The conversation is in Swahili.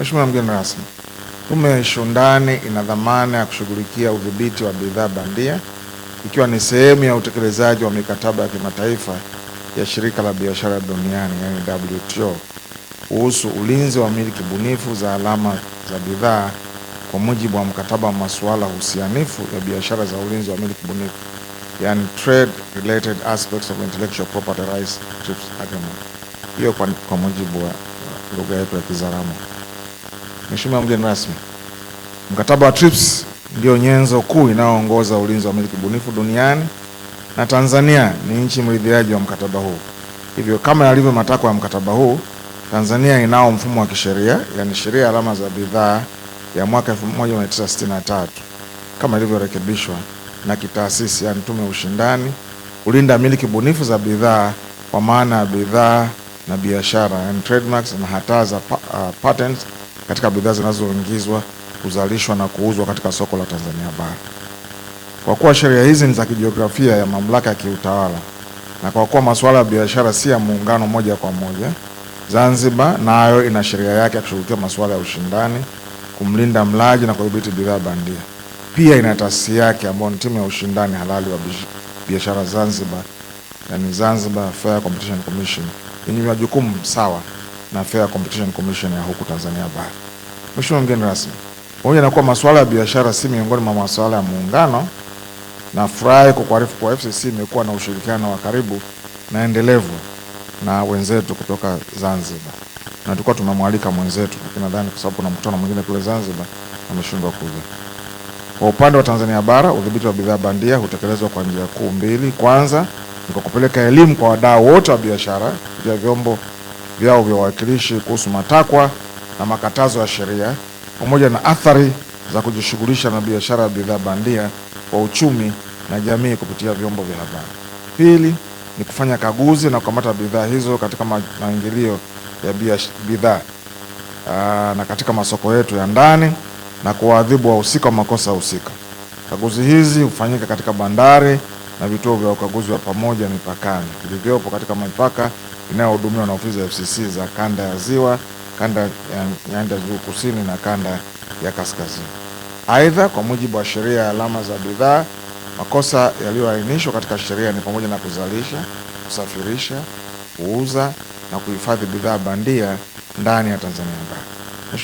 Mheshimiwa mgeni rasmi, Tume ya Ushindani ina dhamana ya kushughulikia udhibiti wa bidhaa bandia ikiwa ni sehemu ya utekelezaji wa mikataba ya kimataifa ya Shirika la Biashara Duniani yani WTO kuhusu ulinzi wa miliki bunifu za alama za bidhaa kwa mujibu wa mkataba wa masuala husianifu ya biashara za ulinzi wa miliki bunifu yani Trade Related Aspects of Intellectual Property Rights TRIPS Agreement, hiyo kwa, kwa mujibu wa lugha yetu ya Kizaramo. Mheshimiwa mgeni rasmi, mkataba wa TRIPS ndio nyenzo kuu inayoongoza ulinzi wa miliki bunifu duniani na Tanzania ni nchi mridhiaji wa mkataba huu. Hivyo kama yalivyo matakwa ya mkataba huu, Tanzania inao mfumo wa kisheria, yani sheria alama za bidhaa ya mwaka 1963 kama ilivyorekebishwa na kitaasisi, yani tume ya ushindani, kulinda miliki bunifu za bidhaa kwa maana ya bidhaa na biashara, yani trademarks na hata za pa, uh, patents katika bidhaa zinazoingizwa kuzalishwa na kuuzwa katika soko la Tanzania bara. Kwa kuwa sheria hizi ni za kijiografia ya mamlaka ya kiutawala na kwa kuwa masuala ya biashara si ya muungano moja kwa moja, Zanzibar nayo ina sheria yake ya kushughulikia masuala ya ushindani, kumlinda mlaji na kudhibiti bidhaa bandia. Pia ina taasisi yake ambayo ni timu ya ushindani halali wa biashara Zanzibar, yani Zanzibar Fair Competition Commission yenye majukumu sawa na Fair Competition Commission ya huku Tanzania bara. Mheshimiwa mgeni rasmi, pamoja na kuwa masuala ya biashara si miongoni mwa masuala ya muungano, nafurahi kukuarifu kuwa FCC imekuwa na ushirikiano wa karibu na endelevu na wenzetu kutoka Zanzibar, na tulikuwa tumemwalika mwenzetu, lakini nadhani kwa sababu kuna mkutano mwingine kule Zanzibar ameshindwa kuja. Kwa upande wa Tanzania bara, udhibiti wa bidhaa bandia hutekelezwa kwa njia kuu mbili. Kwanza ni kwa kupeleka elimu kwa wadau wote wa biashara kupitia vyombo vyao vya wawakilishi kuhusu matakwa na makatazo ya sheria pamoja na athari za kujishughulisha na biashara ya bidhaa bandia kwa uchumi na jamii kupitia vyombo vya habari. Pili ni kufanya kaguzi na kukamata bidhaa hizo katika maingilio ya bidhaa na katika masoko yetu ya ndani na kuwaadhibu wahusika wa makosa husika. Kaguzi hizi hufanyika katika bandari na vituo vya ukaguzi wa pamoja mipakani vilivyopo katika mipaka inayohudumiwa na ofisi ya FCC za kanda ya ziwa, kanda ya nyanda juu kusini na kanda ya kaskazini. Aidha, kwa mujibu wa sheria ya alama za bidhaa, makosa yaliyoainishwa katika sheria ni pamoja na kuzalisha, kusafirisha, kuuza na kuhifadhi bidhaa bandia ndani ya Tanzania bara.